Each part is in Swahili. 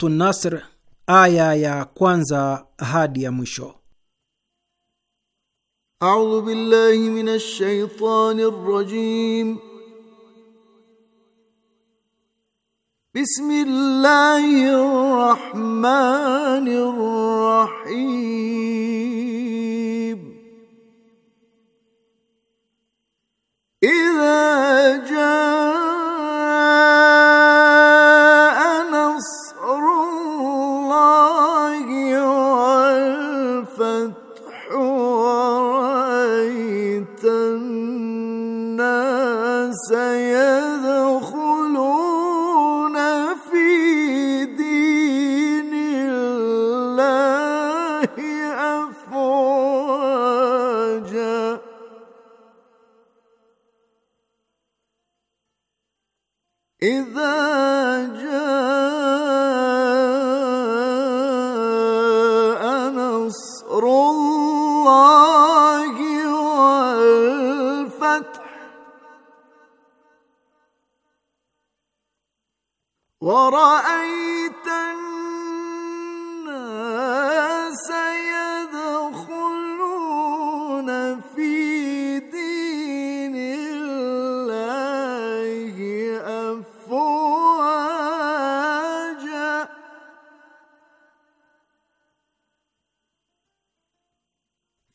Suratu Nasr aya ya kwanza hadi ya mwisho. Audhu billahi minash shaitani rrajim. Bismillahir rahmanir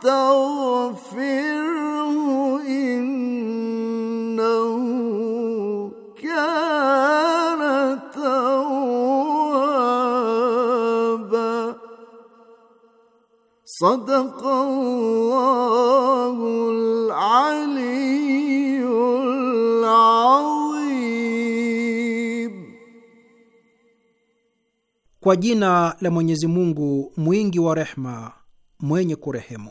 فاستغفره إنه كان توابا صدق الله العلي العظيم Kwa jina la Mwenyezi Mungu mwingi wa rehma mwenye kurehemu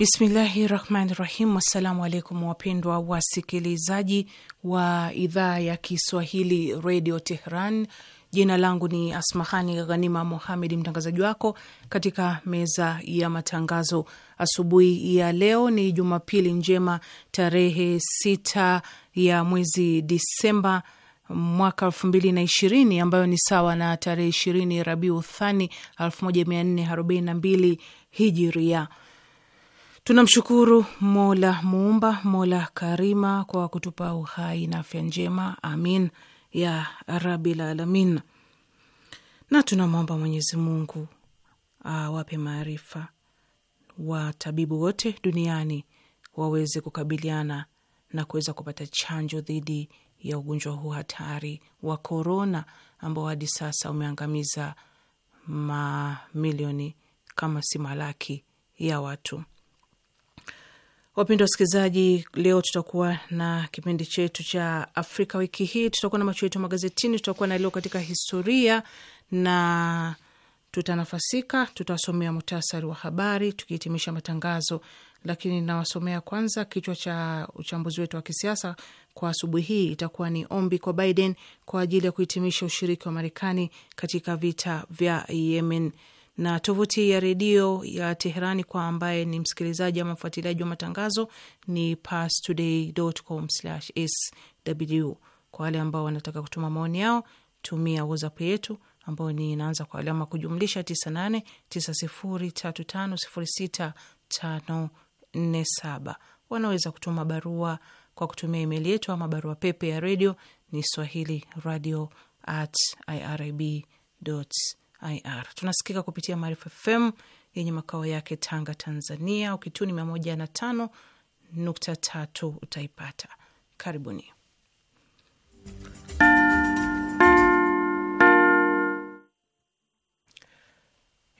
Bismillahi rahmani rahim. Assalamu alaikum wapendwa wasikilizaji wa idhaa ya Kiswahili redio Tehran. Jina langu ni Asmahani Ghanima Muhamedi, mtangazaji wako katika meza ya matangazo asubuhi ya leo. Ni Jumapili njema tarehe sita ya mwezi Disemba mwaka elfu mbili na ishirini ambayo ni sawa na tarehe ishirini Rabiu Thani elfu moja mia nne arobaini na mbili hijiria. Tunamshukuru Mola Muumba, Mola Karima, kwa kutupa uhai na afya njema, amin ya rabil alamin. Na tunamwomba Mwenyezi Mungu awape maarifa watabibu wote duniani waweze kukabiliana na kuweza kupata chanjo dhidi ya ugonjwa huu hatari wa korona, ambao hadi sasa umeangamiza mamilioni kama si malaki ya watu. Wapendwa wasikilizaji, leo tutakuwa na kipindi chetu cha Afrika wiki hii, tutakuwa na macho yetu magazetini, tutakuwa na leo katika historia na tutanafasika, tutawasomea muhtasari wa habari tukihitimisha matangazo, lakini nawasomea kwanza kichwa cha uchambuzi wetu wa kisiasa kwa asubuhi hii. Itakuwa ni ombi kwa Biden kwa ajili ya kuhitimisha ushiriki wa Marekani katika vita vya Yemen na tovuti ya redio ya Teherani kwa ambaye ni msikilizaji ama mfuatiliaji wa matangazo ni pastoday.com/sw. Kwa wale ambao wanataka kutuma maoni yao, tumia WhatsApp yetu ambayo ni inaanza kwa alama kujumlisha 989035065487. Wanaweza kutuma barua kwa kutumia email yetu ama barua pepe ya redio ni swahili radio at irib ir. Tunasikika kupitia Maarifa FM yenye makao yake Tanga, Tanzania. Ukituni mia moja na tano nukta tatu utaipata. Karibuni.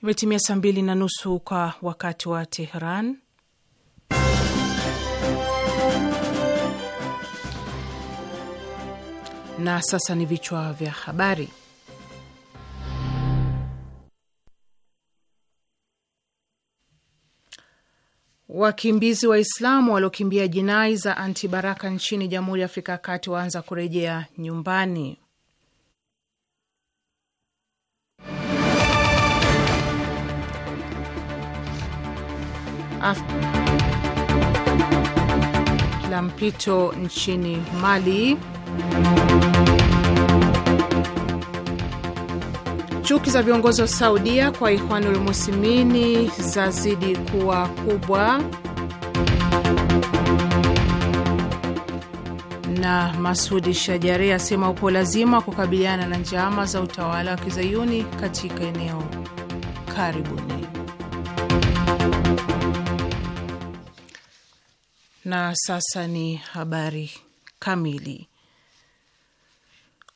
Imetimia saa mbili na nusu kwa wakati wa Teheran. Na sasa ni vichwa vya habari. Wakimbizi Waislamu waliokimbia jinai za antibaraka nchini Jamhuri ya Afrika ya Kati waanza kurejea nyumbani. Af la mpito nchini Mali. Chuki za viongozi wa Saudia kwa Ikhwanul Muslimini zazidi kuwa kubwa, na Masudi Shajari asema upo lazima kukabiliana na njama za utawala wa kizayuni katika eneo. Karibuni. Na sasa ni habari kamili.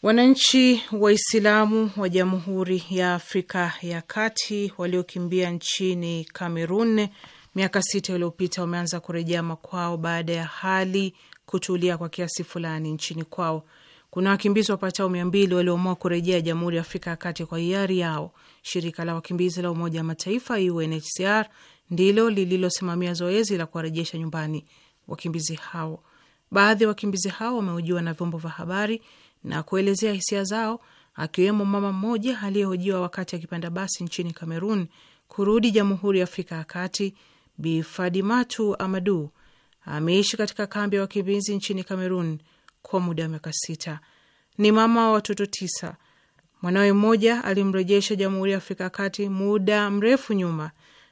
Wananchi Waislamu wa Jamhuri ya Afrika ya Kati waliokimbia nchini Kamerun miaka sita iliyopita wameanza kurejea makwao baada ya hali kutulia kwa kiasi fulani nchini kwao. Kuna wakimbizi wapatao mia mbili walioamua kurejea Jamhuri ya Afrika ya Kati kwa hiari yao. Shirika la wakimbizi la Umoja wa Mataifa UNHCR ndilo lililosimamia zoezi la kuwarejesha nyumbani wakimbizi hao. Baadhi ya wakimbizi hao wamehojiwa na vyombo vya habari na kuelezea hisia zao, akiwemo mama mmoja aliyehojiwa wakati akipanda basi nchini Kamerun kurudi Jamhuri ya Afrika ya Kati. Bi Fadimatu Amadu ameishi katika kambi ya wakimbizi nchini Kamerun kwa muda wa miaka sita. Ni mama wa watoto tisa. Mwanawe mmoja alimrejesha Jamhuri ya Afrika ya Kati muda mrefu nyuma,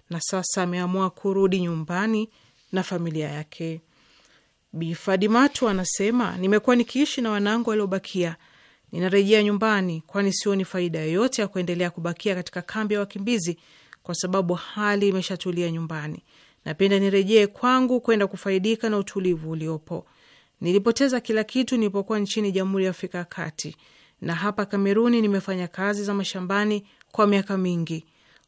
na sasa ameamua kurudi nyumbani na familia yake. Bi Fadimatu anasema nimekuwa nikiishi na wanangu waliobakia, ninarejea nyumbani, kwani sioni faida yoyote ya kuendelea kubakia katika kambi ya wakimbizi kwa sababu hali imeshatulia nyumbani. Napenda nirejee kwangu kwenda kufaidika na utulivu uliopo. Nilipoteza kila kitu nilipokuwa nchini Jamhuri ya Afrika ya Kati, na hapa Kameruni nimefanya kazi za mashambani kwa miaka mingi.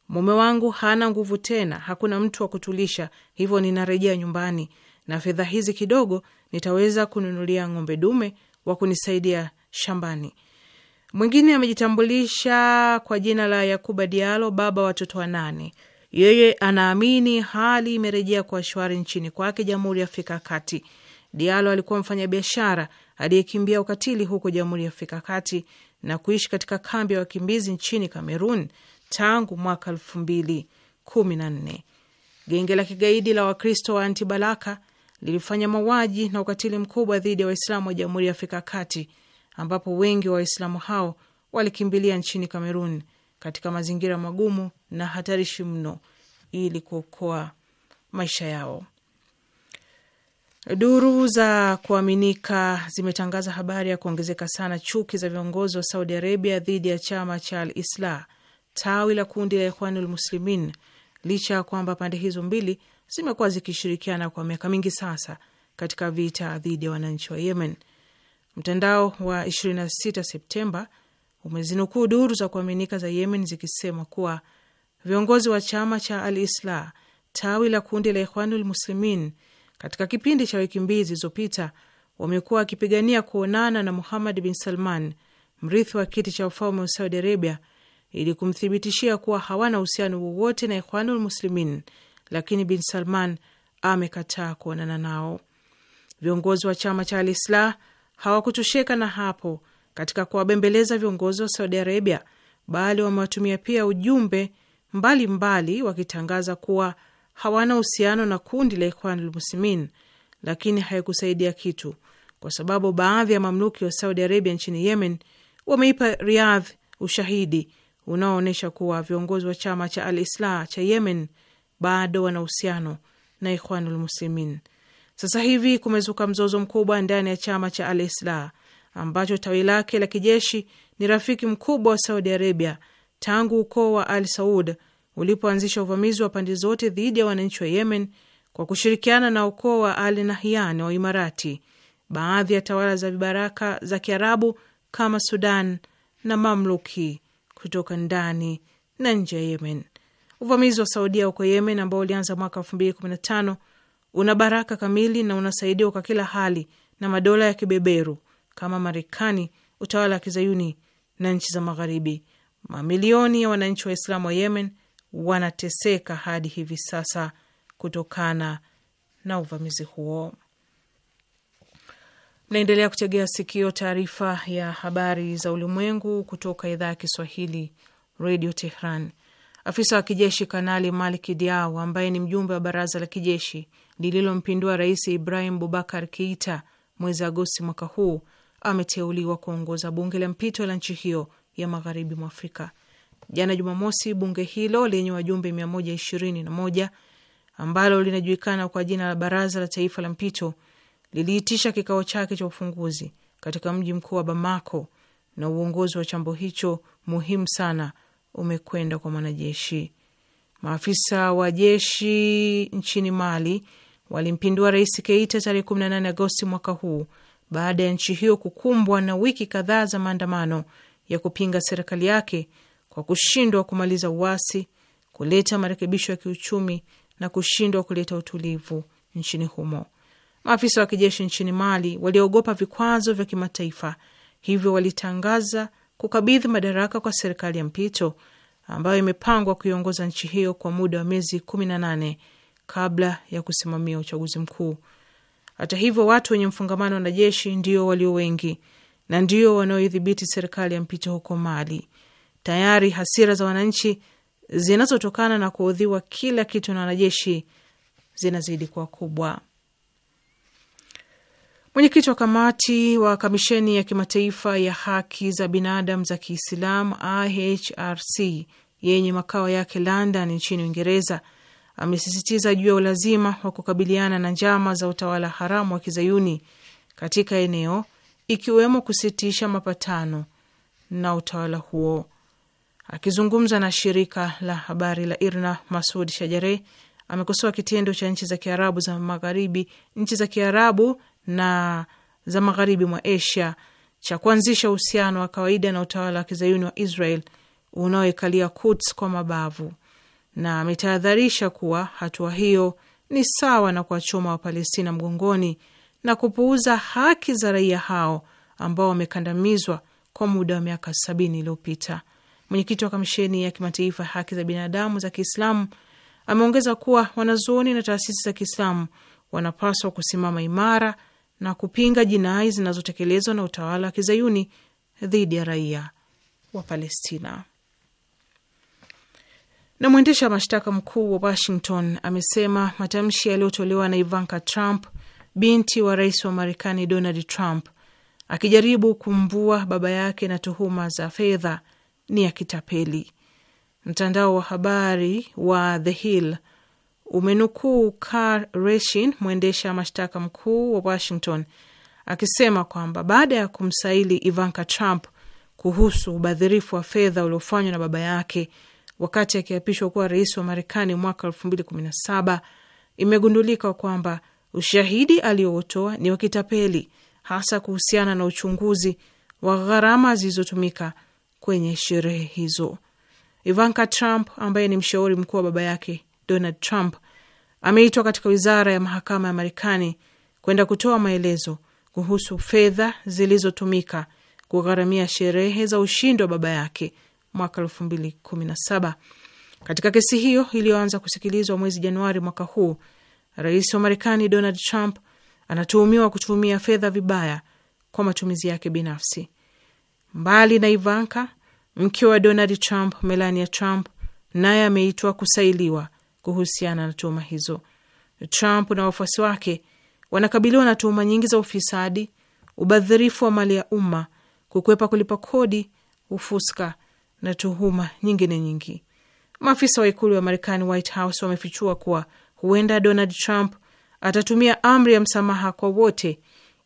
Mume wangu hana nguvu tena, hakuna mtu wa kutulisha, hivyo ninarejea nyumbani na fedha hizi kidogo nitaweza kununulia ng'ombe dume wa kunisaidia shambani. Mwingine amejitambulisha kwa jina la Yakuba Dialo, baba watoto wanane. Yeye anaamini hali imerejea kwa shwari nchini kwake Jamhuri ya Afrika Kati. Dialo alikuwa mfanyabiashara aliyekimbia ukatili huko Jamhuri ya Afrika Kati na kuishi katika kambi ya wakimbizi nchini Kamerun tangu mwaka elfu mbili kumi na nne. Genge la kigaidi la Wakristo wa Antibalaka lilifanya mauaji na ukatili mkubwa dhidi ya Waislamu wa Jamhuri ya Afrika Kati, ambapo wengi wa Waislamu hao walikimbilia nchini Kamerun katika mazingira magumu na hatarishi mno ili kuokoa maisha yao. Duru za kuaminika zimetangaza habari ya kuongezeka sana chuki za viongozi wa Saudi Arabia dhidi ya chama cha Al Islah, tawi la kundi la Ikhwanul Muslimin, licha ya kwamba pande hizo mbili zimekuwa zikishirikiana kwa miaka mingi sasa katika vita dhidi ya wananchi wa Yemen. Mtandao wa 26 Septemba umezinukuu duru za kuaminika za Yemen zikisema kuwa viongozi wa chama cha Al Islah, tawi la kundi la Ikhwanul Muslimin, katika kipindi cha wiki mbili zilizopita wamekuwa wakipigania kuonana na Muhammad bin Salman, mrithi wa kiti cha ufalme wa Saudi Arabia, ili kumthibitishia kuwa hawana uhusiano wowote na Ikhwanul Muslimin lakini bin Salman amekataa kuonana nao. Viongozi wa chama cha Al Islah hawakutosheka na hapo katika kuwabembeleza viongozi wa Saudi Arabia, bali wamewatumia pia ujumbe mbalimbali mbali, wakitangaza kuwa hawana uhusiano na kundi la Ikhwanul almuslimin lakini haikusaidia kitu kwa sababu baadhi ya mamluki wa Saudi Arabia nchini Yemen wameipa Riyadh ushahidi unaoonyesha kuwa viongozi wa chama cha Al Islah cha Yemen bado wana uhusiano na Ikhwanul Muslimin. Sasa hivi kumezuka mzozo mkubwa ndani ya chama cha Al Islah ambacho tawi lake la kijeshi ni rafiki mkubwa wa Saudi Arabia tangu ukoo wa Al Saud ulipoanzisha uvamizi wa pande zote dhidi ya wananchi wa Yemen kwa kushirikiana na ukoo wa Al Nahyan wa Imarati, baadhi ya tawala za vibaraka za Kiarabu kama Sudan na mamluki kutoka ndani na nje ya Yemen. Uvamizi wa Saudia huko Yemen ambao ulianza mwaka elfu mbili kumi na tano una baraka kamili na unasaidiwa kwa kila hali na madola ya kibeberu kama Marekani, utawala wa kizayuni na nchi za Magharibi. Mamilioni ya wananchi wa islam wa Yemen wanateseka hadi hivi sasa kutokana na uvamizi huo. Naendelea kutegea sikio taarifa ya habari za ulimwengu kutoka idhaa ya Kiswahili, Redio Tehran. Afisa wa kijeshi Kanali Malik Diaw ambaye ni mjumbe wa baraza la kijeshi lililompindua Rais Ibrahim Bubakar Keita mwezi Agosti mwaka huu ameteuliwa kuongoza bunge la mpito la nchi hiyo ya magharibi mwa Afrika. Jana Jumamosi, bunge hilo lenye wajumbe 121 ambalo linajulikana kwa jina la Baraza la Taifa la Mpito liliitisha kikao chake cha ufunguzi katika mji mkuu wa Bamako, na uongozi wa chambo hicho muhimu sana umekwenda kwa mwanajeshi. Maafisa wa jeshi nchini Mali walimpindua Rais Keita tarehe 18 Agosti mwaka huu baada ya nchi hiyo kukumbwa na wiki kadhaa za maandamano ya kupinga serikali yake kwa kushindwa kumaliza uasi, kuleta marekebisho ya kiuchumi na kushindwa kuleta utulivu nchini humo. Maafisa wa kijeshi nchini Mali waliogopa vikwazo vya kimataifa, hivyo walitangaza kukabidhi madaraka kwa serikali ya mpito ambayo imepangwa kuiongoza nchi hiyo kwa muda wa miezi kumi na nane kabla ya kusimamia uchaguzi mkuu. Hata hivyo, watu wenye mfungamano na jeshi ndio walio wengi na ndio wanaoidhibiti serikali ya mpito huko Mali. Tayari hasira za wananchi zinazotokana na kuodhiwa kila kitu na wanajeshi zinazidi kuwa kubwa. Mwenyekiti wa kamati wa kamisheni ya kimataifa ya haki za binadamu za Kiislamu IHRC yenye makao yake London nchini Uingereza amesisitiza juu ya ulazima wa kukabiliana na njama za utawala haramu wa kizayuni katika eneo ikiwemo kusitisha mapatano na utawala huo. Akizungumza na shirika la habari la IRNA, Masud Shajare amekosoa kitendo cha nchi za Kiarabu za Magharibi, nchi za Kiarabu na za magharibi mwa Asia cha kuanzisha uhusiano wa kawaida na utawala wa kizayuni wa Israel unaoikalia Quds kwa mabavu, na ametahadharisha kuwa hatua hiyo ni sawa na kuwachoma Wapalestina mgongoni na kupuuza haki za raia hao ambao wamekandamizwa kwa muda wa miaka sabini iliyopita. Mwenyekiti wa Kamisheni ya Kimataifa ya Haki za Binadamu za Kiislamu ameongeza kuwa wanazuoni na taasisi za Kiislamu wanapaswa kusimama imara na kupinga jinai zinazotekelezwa na utawala wa kizayuni dhidi ya raia wa Palestina. Na mwendesha mashtaka mkuu wa Washington amesema matamshi yaliyotolewa na Ivanka Trump, binti wa rais wa Marekani Donald Trump, akijaribu kumvua baba yake na tuhuma za fedha ni ya kitapeli. Mtandao wa habari wa The Hill umenukuu Karl Rashin, mwendesha mashtaka mkuu wa Washington, akisema kwamba baada ya kumsaili Ivanka Trump kuhusu ubadhirifu wa fedha uliofanywa na baba yake wakati akiapishwa kuwa rais wa Marekani mwaka 2017 imegundulika kwamba ushahidi aliyoutoa ni wa kitapeli, hasa kuhusiana na uchunguzi wa gharama zilizotumika kwenye sherehe hizo. Ivanka Trump ambaye ni mshauri mkuu wa baba yake Donald Trump ameitwa katika wizara ya mahakama ya Marekani kwenda kutoa maelezo kuhusu fedha zilizotumika kugharamia sherehe za ushindi wa baba yake mwaka saba. Katika kesi hiyo iliyoanza kusikilizwa mwezi Januari mwaka huu, rais wa Marekani Donald Trump anatuhumiwa kutumia fedha vibaya kwa matumizi yake binafsi. Mbali na Ivanka, mke wa Donald Trump Melania Trump naye ameitwa kusailiwa kuhusiana na tuhuma hizo. Trump na wafuasi wake wanakabiliwa na tuhuma nyingi za ufisadi, ubadhirifu wa mali ya umma, kukwepa kulipa kodi, ufuska na tuhuma nyingine nyingi. Maafisa wa ikulu ya Marekani, White House, wamefichua kuwa huenda Donald Trump atatumia amri ya msamaha kwa wote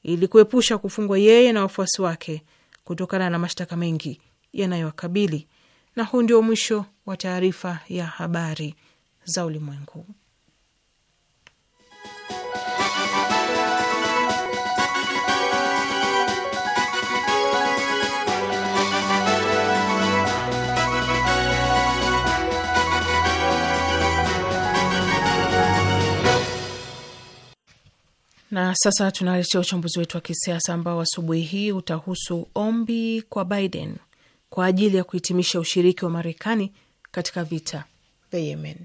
ili kuepusha kufungwa yeye na wafuasi wake kutokana na mashtaka mengi yanayowakabili. Na huu ndio mwisho wa taarifa ya habari za ulimwengu. Na sasa tunaletea uchambuzi wetu wa kisiasa ambao asubuhi hii utahusu ombi kwa Biden kwa ajili ya kuhitimisha ushiriki wa Marekani katika vita vya Yemen.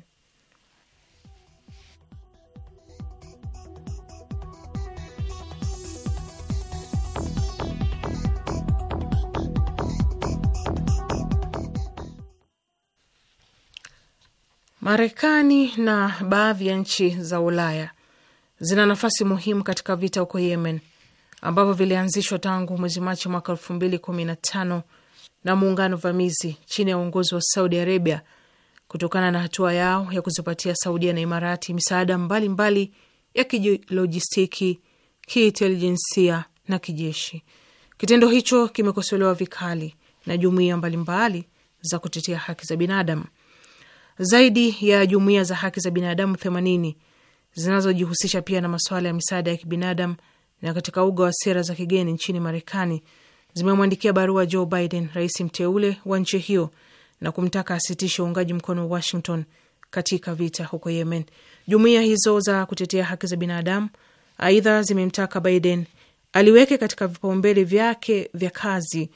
Marekani na baadhi ya nchi za Ulaya zina nafasi muhimu katika vita huko Yemen ambavyo vilianzishwa tangu mwezi Machi mwaka elfu mbili kumi na tano na muungano vamizi chini ya uongozi wa Saudi Arabia kutokana na hatua yao ya kuzipatia Saudia na Imarati misaada mbalimbali mbali ya kijilojistiki, kiintelijensia na kijeshi. Kitendo hicho kimekosolewa vikali na jumuiya mbalimbali za kutetea haki za binadamu. Zaidi ya jumuiya za haki za binadamu themanini zinazojihusisha pia na masuala ya misaada ya kibinadamu na katika uga wa sera za kigeni nchini Marekani zimemwandikia barua Joe Biden, rais mteule wa nchi hiyo, na kumtaka asitishe uungaji mkono wa Washington katika vita huko Yemen. Jumuiya hizo za kutetea haki za binadamu aidha zimemtaka Biden aliweke katika vipaumbele vyake vya kazi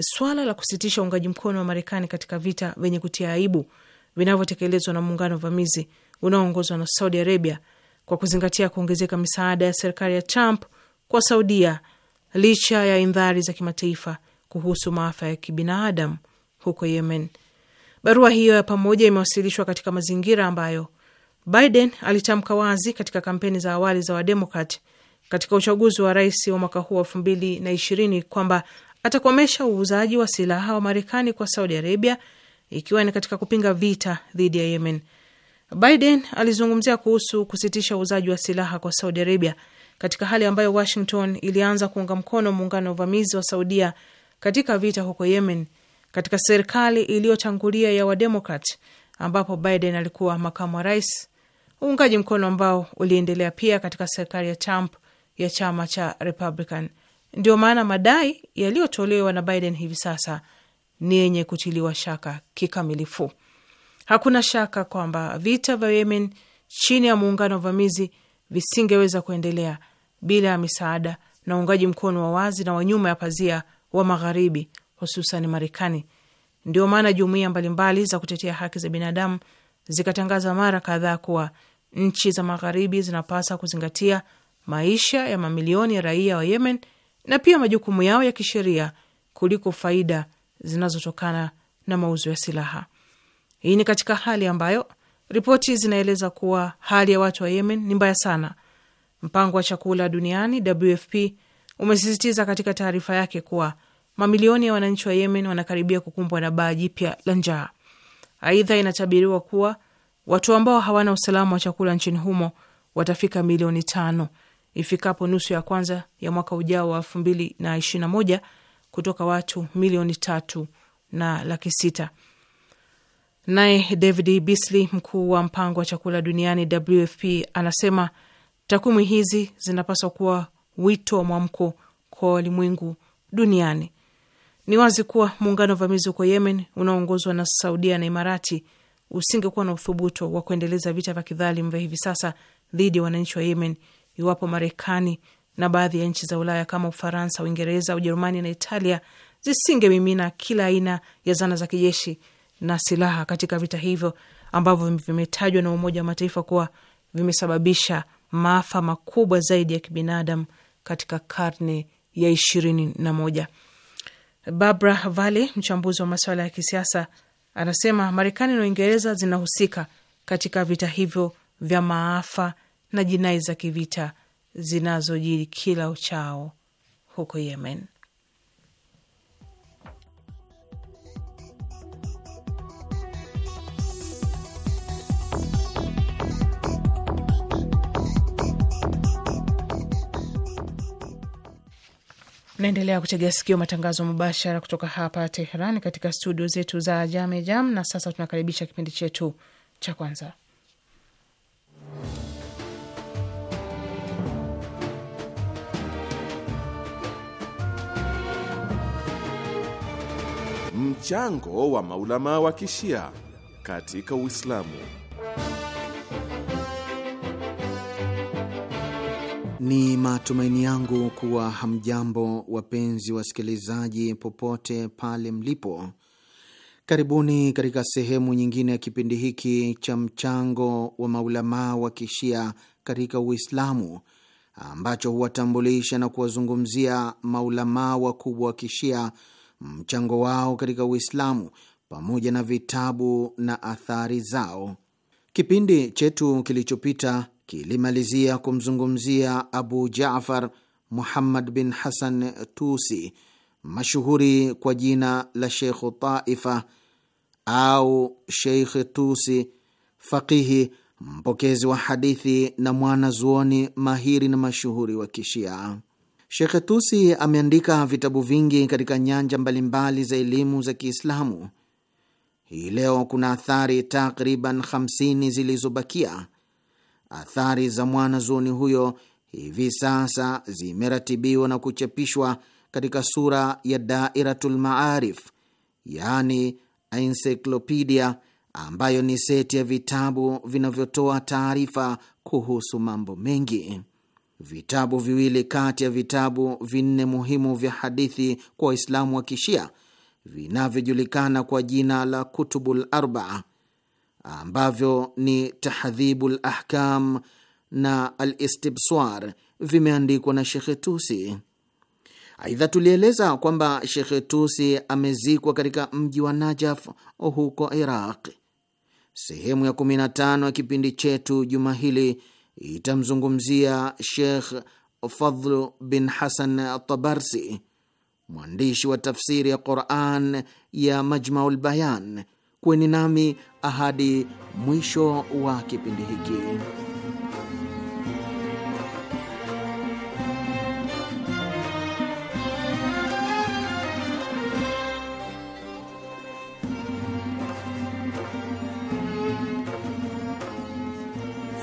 swala la kusitisha uungaji mkono wa Marekani katika vita vyenye kutia aibu vinavyotekelezwa na muungano vamizi unaoongozwa na Saudi Arabia, kwa kuzingatia kuongezeka misaada ya serikali ya Trump kwa Saudia licha ya indhari za kimataifa kuhusu maafa ya kibinadamu huko Yemen. Barua hiyo ya pamoja imewasilishwa katika mazingira ambayo Biden alitamka wazi katika kampeni za awali za Wademokrat katika uchaguzi wa rais wa mwaka huu wa elfu mbili na ishirini kwamba atakomesha uuzaji wa silaha wa Marekani kwa Saudi Arabia ikiwa ni katika kupinga vita dhidi ya Yemen. Biden alizungumzia kuhusu kusitisha uuzaji wa silaha kwa Saudi Arabia katika hali ambayo Washington ilianza kuunga mkono muungano wa uvamizi wa Saudia katika vita huko Yemen katika serikali iliyotangulia ya Wademokrat ambapo Biden alikuwa makamu wa rais, uungaji mkono ambao uliendelea pia katika serikali ya Trump ya chama cha Republican. Ndio maana madai yaliyotolewa na Biden hivi sasa ni yenye kutiliwa shaka kikamilifu. Hakuna shaka kwamba vita vya Yemen chini ya muungano wa uvamizi visingeweza kuendelea bila ya misaada na uungaji mkono wa wazi na wa nyuma ya pazia wa Magharibi, hususan Marekani. Ndio maana jumuiya mbalimbali za kutetea haki za binadamu zikatangaza mara kadhaa kuwa nchi za Magharibi zinapasa kuzingatia maisha ya mamilioni ya raia wa Yemen na pia majukumu yao ya kisheria kuliko faida zinazotokana na mauzo ya silaha. Hii ni katika hali ambayo ripoti zinaeleza kuwa hali ya watu wa Yemen ni mbaya sana. Mpango wa chakula duniani WFP umesisitiza katika taarifa yake kuwa mamilioni ya wananchi wa Yemen wanakaribia kukumbwa na baa jipya la njaa. Aidha, inatabiriwa kuwa watu ambao hawana usalama wa chakula nchini humo watafika milioni tano ifikapo nusu ya kwanza ya mwaka ujao wa elfu mbili na ishirini na moja kutoka watu milioni tatu na laki sita. Naye David Beasley, mkuu wa mpango wa chakula duniani WFP, anasema takwimu hizi zinapaswa kuwa wito wa mwamko kwa walimwengu duniani. Ni wazi kuwa muungano wa uvamizi huko Yemen unaoongozwa na Saudia na Imarati usingekuwa na uthubuto wa kuendeleza vita vya kidhalimu vya hivi sasa dhidi ya wananchi wa Yemen iwapo Marekani na baadhi ya nchi za Ulaya kama Ufaransa, Uingereza, Ujerumani na Italia zisingemimina kila aina ya zana za kijeshi na silaha katika vita hivyo ambavyo vimetajwa na Umoja wa Mataifa kuwa vimesababisha maafa makubwa zaidi ya kibinadamu katika karne ya ishirini na moja. Barbara Vale, mchambuzi wa masuala ya kisiasa, anasema Marekani na Uingereza zinahusika katika vita hivyo vya maafa na jinai za kivita zinazojiri kila uchao huko Yemen. Naendelea kutegea sikio matangazo mubashara kutoka hapa Teherani, katika studio zetu za Jamejam Jam. Na sasa tunakaribisha kipindi chetu cha kwanza Mchango wa maulama wa kishia katika Uislamu. Ni matumaini yangu kuwa hamjambo, wapenzi wasikilizaji, popote pale mlipo. Karibuni katika sehemu nyingine ya kipindi hiki cha mchango wa maulamaa wa kishia katika Uislamu, ambacho huwatambulisha na kuwazungumzia maulamaa wakubwa wa kishia mchango wao katika Uislamu pamoja na vitabu na athari zao. Kipindi chetu kilichopita kilimalizia kumzungumzia Abu Jafar Muhammad bin Hasan Tusi, mashuhuri kwa jina la shekhu Taifa au Sheikh Tusi, faqihi mpokezi wa hadithi na mwanazuoni mahiri na mashuhuri wa Kishia. Shekhe Tusi ameandika vitabu vingi katika nyanja mbalimbali za elimu za Kiislamu. Hii leo kuna athari takriban 50 zilizobakia. Athari za mwanazuoni huyo hivi sasa zimeratibiwa na kuchapishwa katika sura ya Dairatul Maarif, yaani ensiklopedia, ambayo ni seti ya vitabu vinavyotoa taarifa kuhusu mambo mengi. Vitabu viwili kati ya vitabu vinne muhimu vya hadithi kwa Waislamu wa Kishia vinavyojulikana kwa jina la Kutubul Arba ambavyo ni Tahdhibul Ahkam na Al Istibsar vimeandikwa na Shekhe Tusi. Aidha, tulieleza kwamba Shekhe Tusi amezikwa katika mji wa Najaf huko Iraq. Sehemu ya 15 ya kipindi chetu juma hili itamzungumzia Shekh Fadlu bin Hasan Tabarsi, mwandishi wa tafsiri ya Quran ya Majmaul Bayan. Kweni nami ahadi mwisho wa kipindi hiki.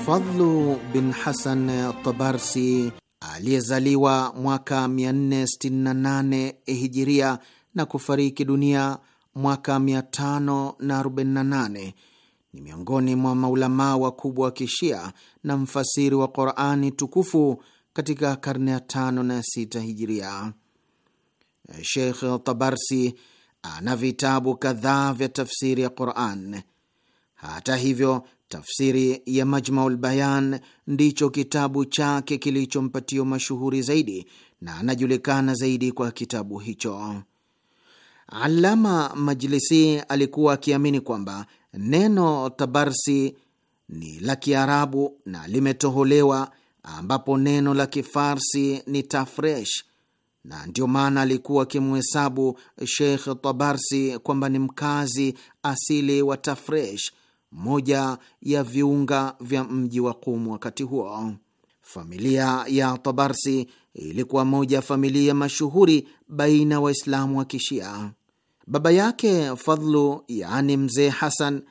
Fadlu bin Hasan Tabarsi aliyezaliwa mwaka 468 hijiria na kufariki dunia mwaka 548 ni miongoni mwa maulamaa wakubwa wa kishia na mfasiri wa Qurani tukufu katika karne ya tano na sita hijiria. Sheikh Tabarsi ana vitabu kadhaa vya tafsiri ya Quran. Hata hivyo, Tafsiri ya Majmaul Bayan ndicho kitabu chake kilichompatia mashuhuri zaidi na anajulikana zaidi kwa kitabu hicho. Alama Majlisi alikuwa akiamini kwamba neno tabarsi ni la Kiarabu na limetoholewa, ambapo neno la Kifarsi ni tafresh, na ndiyo maana alikuwa akimhesabu Sheikh Tabarsi kwamba ni mkazi asili wa Tafresh moja ya viunga vya mji wa Kumu wakati huo. Familia ya Tabarsi ilikuwa moja ya familia mashuhuri baina Waislamu wa Kishia. Baba yake Fadhlu, yaani Mzee Hasan,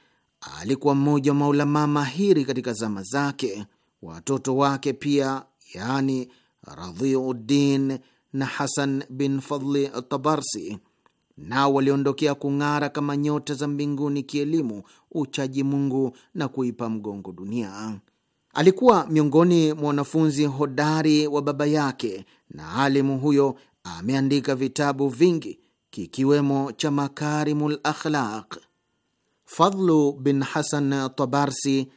alikuwa mmoja wa maulama mahiri katika zama zake. Watoto wake pia, yaani Radhiuddin na Hasan bin Fadhli Tabarsi nao waliondokea kung'ara kama nyota za mbinguni kielimu, uchaji Mungu na kuipa mgongo dunia. Alikuwa miongoni mwa wanafunzi hodari wa baba yake, na alimu huyo ameandika vitabu vingi kikiwemo cha Makarimul Akhlaq. Fadhlu bin Hasan Tabarsi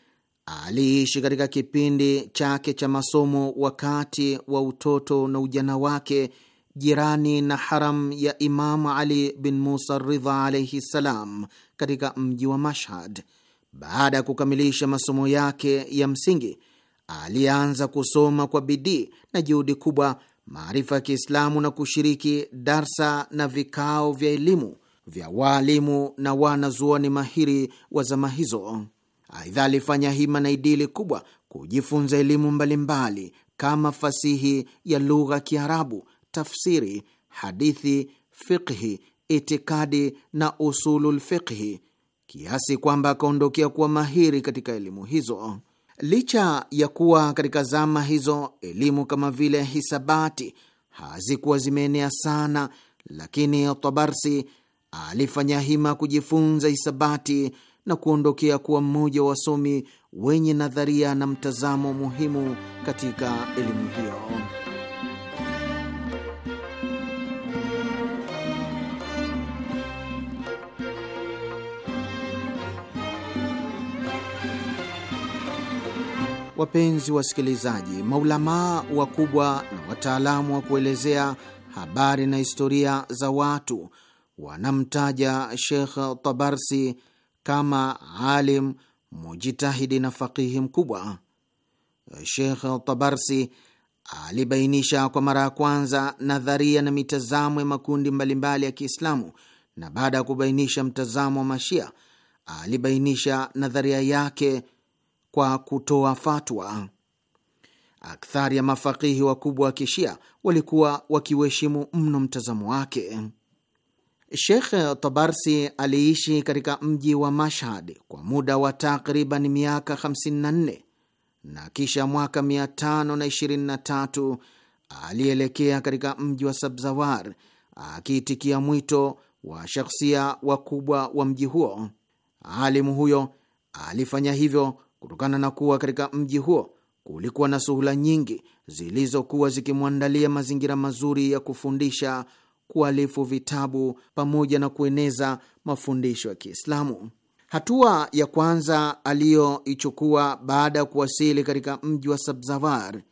aliishi katika kipindi chake cha masomo wakati wa utoto na ujana wake jirani na haram ya Imamu Ali bin Musa Ridha alaihi ssalam katika mji wa Mashhad. Baada ya kukamilisha masomo yake ya msingi, alianza kusoma kwa bidii na juhudi kubwa maarifa ya Kiislamu na kushiriki darsa na vikao vya elimu vya waalimu na wanazuoni mahiri wa zama hizo. Aidha, alifanya hima na idili kubwa kujifunza elimu mbalimbali kama fasihi ya lugha ya Kiarabu tafsiri, hadithi, fiqhi, itikadi na usulul fiqhi, kiasi kwamba akaondokea kuwa mahiri katika elimu hizo. Licha ya kuwa katika zama hizo elimu kama vile hisabati hazikuwa zimeenea sana, lakini Tabarsi alifanya hima kujifunza hisabati na kuondokea kuwa mmoja wa wasomi wenye nadharia na mtazamo muhimu katika elimu hiyo. wapenzi wasikilizaji, maulamaa wakubwa na wataalamu wa kuelezea habari na historia za watu wanamtaja Shekh Tabarsi kama alim mujitahidi na fakihi mkubwa. Shekh Tabarsi alibainisha kwa mara ya kwanza nadharia na mitazamo ya makundi mbalimbali ya Kiislamu, na baada ya kubainisha mtazamo wa Mashia alibainisha nadharia yake kwa kutoa fatwa. Akthari ya mafakihi wakubwa wa kishia walikuwa wakiuheshimu mno mtazamo wake. Shekh Tabarsi aliishi katika mji wa Mashhad kwa muda wa takriban miaka 54 na kisha mwaka 523 alielekea katika mji wa Sabzawar akiitikia mwito wa shakhsia wakubwa wa mji huo. Alimu huyo alifanya hivyo kutokana na kuwa katika mji huo kulikuwa na suhula nyingi zilizokuwa zikimwandalia mazingira mazuri ya kufundisha, kualifu vitabu pamoja na kueneza mafundisho ya Kiislamu. Hatua ya kwanza aliyoichukua baada ya kuwasili katika mji wa Sabzawar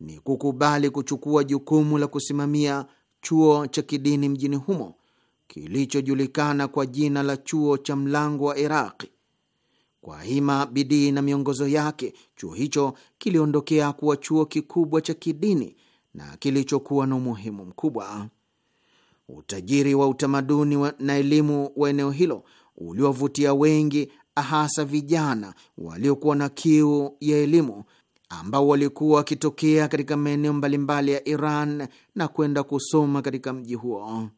ni kukubali kuchukua jukumu la kusimamia chuo cha kidini mjini humo kilichojulikana kwa jina la chuo cha mlango wa Iraqi. Kwa hima, bidii na miongozo yake, chuo hicho kiliondokea kuwa chuo kikubwa cha kidini na kilichokuwa na umuhimu mkubwa. Utajiri wa utamaduni na elimu wa eneo hilo uliovutia wengi, hasa vijana waliokuwa na kiu ya elimu, ambao walikuwa wakitokea katika maeneo mbalimbali ya Iran na kwenda kusoma katika mji huo.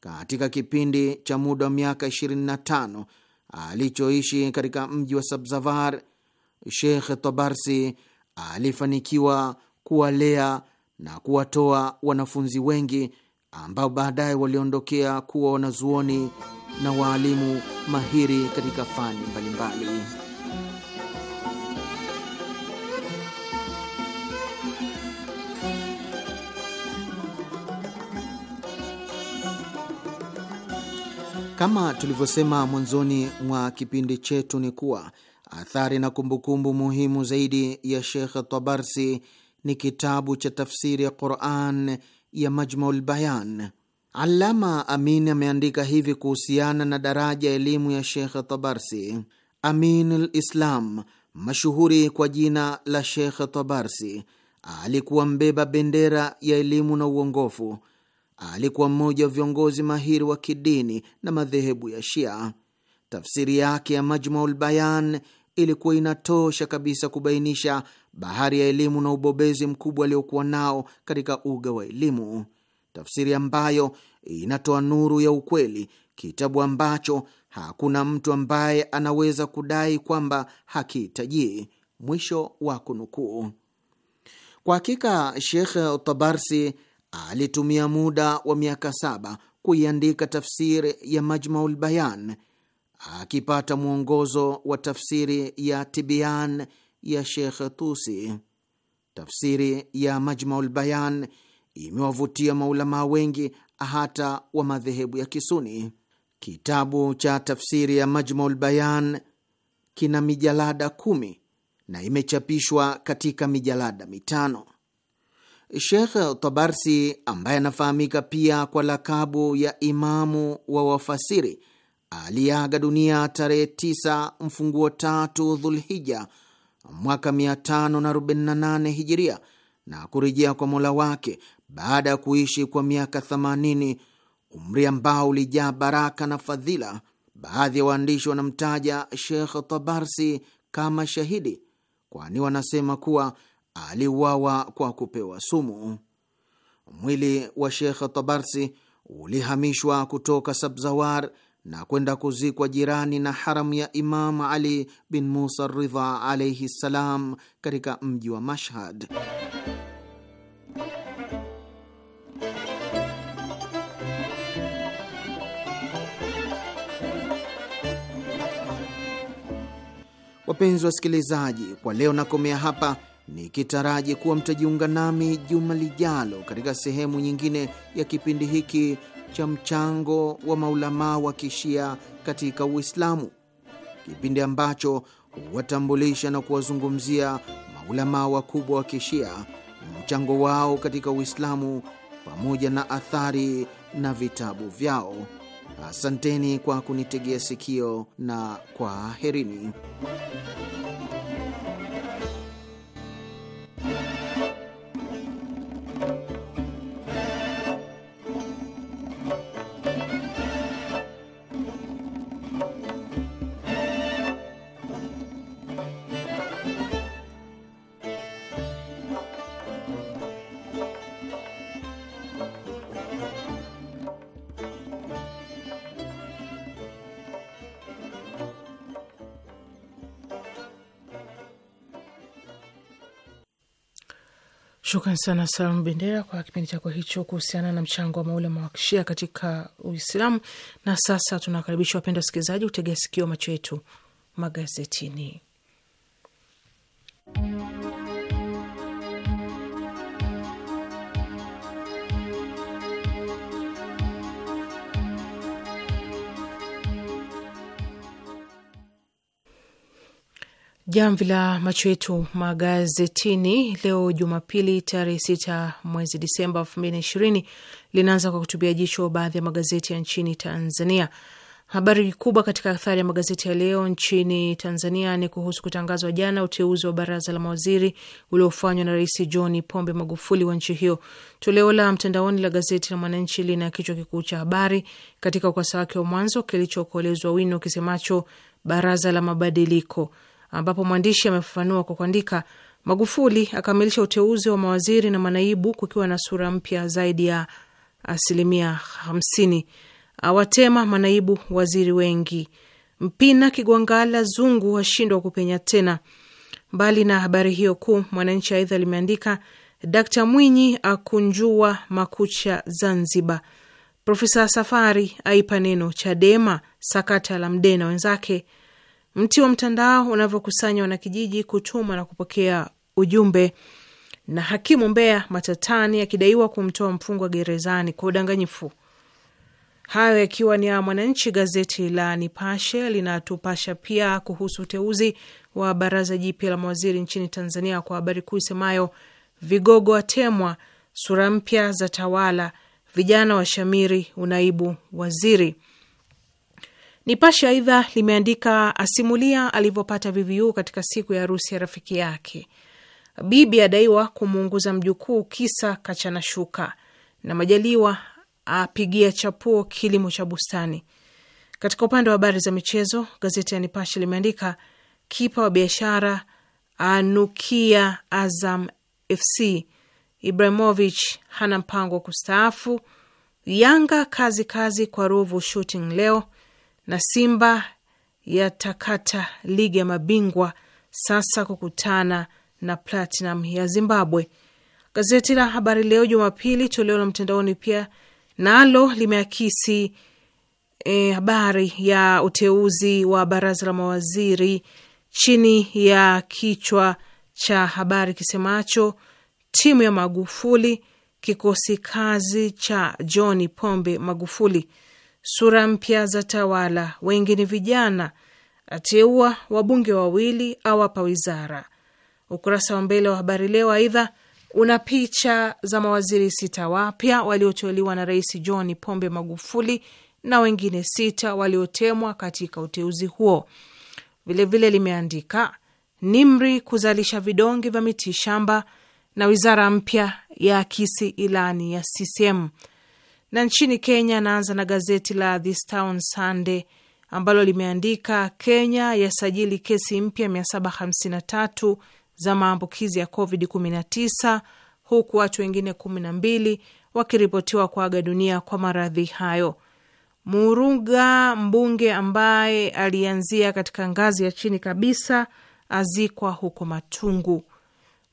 Katika kipindi cha muda wa miaka 25 alichoishi katika mji wa Sabzavar, Sheikh Tabarsi alifanikiwa kuwalea na kuwatoa wanafunzi wengi ambao baadaye waliondokea kuwa wanazuoni na waalimu mahiri katika fani mbalimbali. Kama tulivyosema mwanzoni mwa kipindi chetu, ni kuwa athari na kumbukumbu muhimu zaidi ya Sheikh Tabarsi ni kitabu cha tafsiri ya Quran ya Majmaul Bayan. Alama Amin ameandika hivi kuhusiana na daraja ya elimu ya Sheikh Tabarsi. Amin al-Islam mashuhuri kwa jina la Sheikh Tabarsi alikuwa mbeba bendera ya elimu na uongofu alikuwa mmoja wa viongozi mahiri wa kidini na madhehebu ya Shia. Tafsiri yake ya Majmaul Bayan ilikuwa inatosha kabisa kubainisha bahari ya elimu na ubobezi mkubwa aliokuwa nao katika uga wa elimu, tafsiri ambayo inatoa nuru ya ukweli, kitabu ambacho hakuna mtu ambaye anaweza kudai kwamba hakihitajii. Mwisho wa kunukuu. Kwa hakika Shekh Tabarsi alitumia muda wa miaka saba kuiandika tafsiri ya Majmaul Bayan, akipata mwongozo wa tafsiri ya Tibian ya Shekh Tusi. Tafsiri ya Majmaul Bayan imewavutia maulamaa wengi hata wa madhehebu ya Kisuni. Kitabu cha tafsiri ya Majmaul Bayan kina mijalada kumi na imechapishwa katika mijalada mitano. Shekh Tabarsi ambaye anafahamika pia kwa lakabu ya Imamu wa Wafasiri aliaga dunia tarehe 9 mfunguo tatu Dhulhija mwaka 548 Hijiria na kurejea kwa Mola wake baada ya kuishi kwa miaka 80, umri ambao ulijaa baraka na fadhila. Baadhi ya waandishi wanamtaja Shekh Tabarsi kama shahidi, kwani wanasema kuwa aliuawa kwa kupewa sumu. Mwili wa Shekh Tabarsi ulihamishwa kutoka Sabzawar na kwenda kuzikwa jirani na haramu ya Imam Ali bin Musa Ridha alaihi ssalam katika mji wa Mashhad. Wapenzi wasikilizaji, kwa leo nakomea hapa nikitaraji kuwa mtajiunga nami juma lijalo katika sehemu nyingine ya kipindi hiki cha mchango wa maulamaa wa kishia katika Uislamu, kipindi ambacho huwatambulisha na kuwazungumzia maulamaa wakubwa wa kishia, mchango wao katika Uislamu pamoja na athari na vitabu vyao. Asanteni kwa kunitegea sikio na kwaherini. Shukran sana salamu Bendera kwa kipindi chako hicho kuhusiana na mchango wa maulama wa kishia katika Uislamu. Na sasa tunawakaribisha wapenda wasikilizaji, utegea sikio macho yetu magazetini. Jamvi la macho yetu magazetini leo Jumapili tarehe sita mwezi Disemba elfu mbili na ishirini linaanza kwa kutubia jicho baadhi ya magazeti ya nchini Tanzania. Habari kubwa katika athari ya magazeti ya leo nchini Tanzania ni kuhusu kutangazwa jana uteuzi wa baraza la mawaziri uliofanywa na Rais John Pombe Magufuli wa nchi hiyo. Toleo la mtandaoni la gazeti la Mwananchi lina kichwa kikuu cha habari katika ukurasa wake wa mwanzo kilichokolezwa wino kisemacho baraza la mabadiliko ambapo mwandishi amefafanua kwa kuandika, Magufuli akamilisha uteuzi wa mawaziri na manaibu kukiwa na sura mpya zaidi ya asilimia hamsini. Awatema manaibu waziri wengi. Mpina Kigwangala Zungu washindwa kupenya tena. Mbali na habari hiyo kuu, Mwananchi aidha limeandika Dkt Mwinyi akunjua makucha Zanzibar. Profesa Safari aipa neno Chadema sakata la Mdee na wenzake mti wa mtandao unavyokusanywa na kijiji kutuma na kupokea ujumbe, na hakimu Mbeya matatani akidaiwa kumtoa mfungwa gerezani kwa udanganyifu. Hayo yakiwa ni ya Mwananchi. Gazeti la Nipashe linatupasha pia kuhusu uteuzi wa baraza jipya la mawaziri nchini Tanzania, kwa habari kuu isemayo vigogo watemwa, sura mpya za tawala, vijana wa shamiri unaibu waziri. Nipashe aidha limeandika asimulia alivyopata VVU katika siku ya harusi ya rafiki yake. Bibi adaiwa kumuunguza mjukuu kisa kachana shuka, na Majaliwa apigia chapuo kilimo cha bustani. Katika upande wa habari za michezo, gazeti ya Nipashe limeandika kipa wa biashara anukia Azam FC, Ibrahimovich hana mpango wa kustaafu. Yanga kazi kazi kwa Ruvu Shooting leo na Simba yatakata ligi ya mabingwa sasa kukutana na Platinum ya Zimbabwe. Gazeti la Habari Leo Jumapili toleo la mtandaoni pia nalo limeakisi e, habari ya uteuzi wa baraza la mawaziri chini ya kichwa cha habari kisemacho timu ya Magufuli, kikosi kazi cha John Pombe Magufuli sura mpya za tawala, wengine vijana, ateua wabunge wawili, awapa wizara. Ukurasa wa mbele wa Habari Leo aidha una picha za mawaziri sita wapya walioteuliwa na Rais John Pombe Magufuli na wengine sita waliotemwa katika uteuzi huo. Vilevile limeandika Nimri kuzalisha vidonge vya miti shamba na wizara mpya ya akisi ilani ya CCM. Na nchini Kenya, naanza na gazeti la This Town Sunday ambalo limeandika Kenya yasajili kesi mpya 753 za maambukizi ya COVID-19 huku watu wengine 12 wakiripotiwa kuaga dunia kwa maradhi hayo. Muruga, mbunge ambaye alianzia katika ngazi ya chini kabisa, azikwa huko Matungu.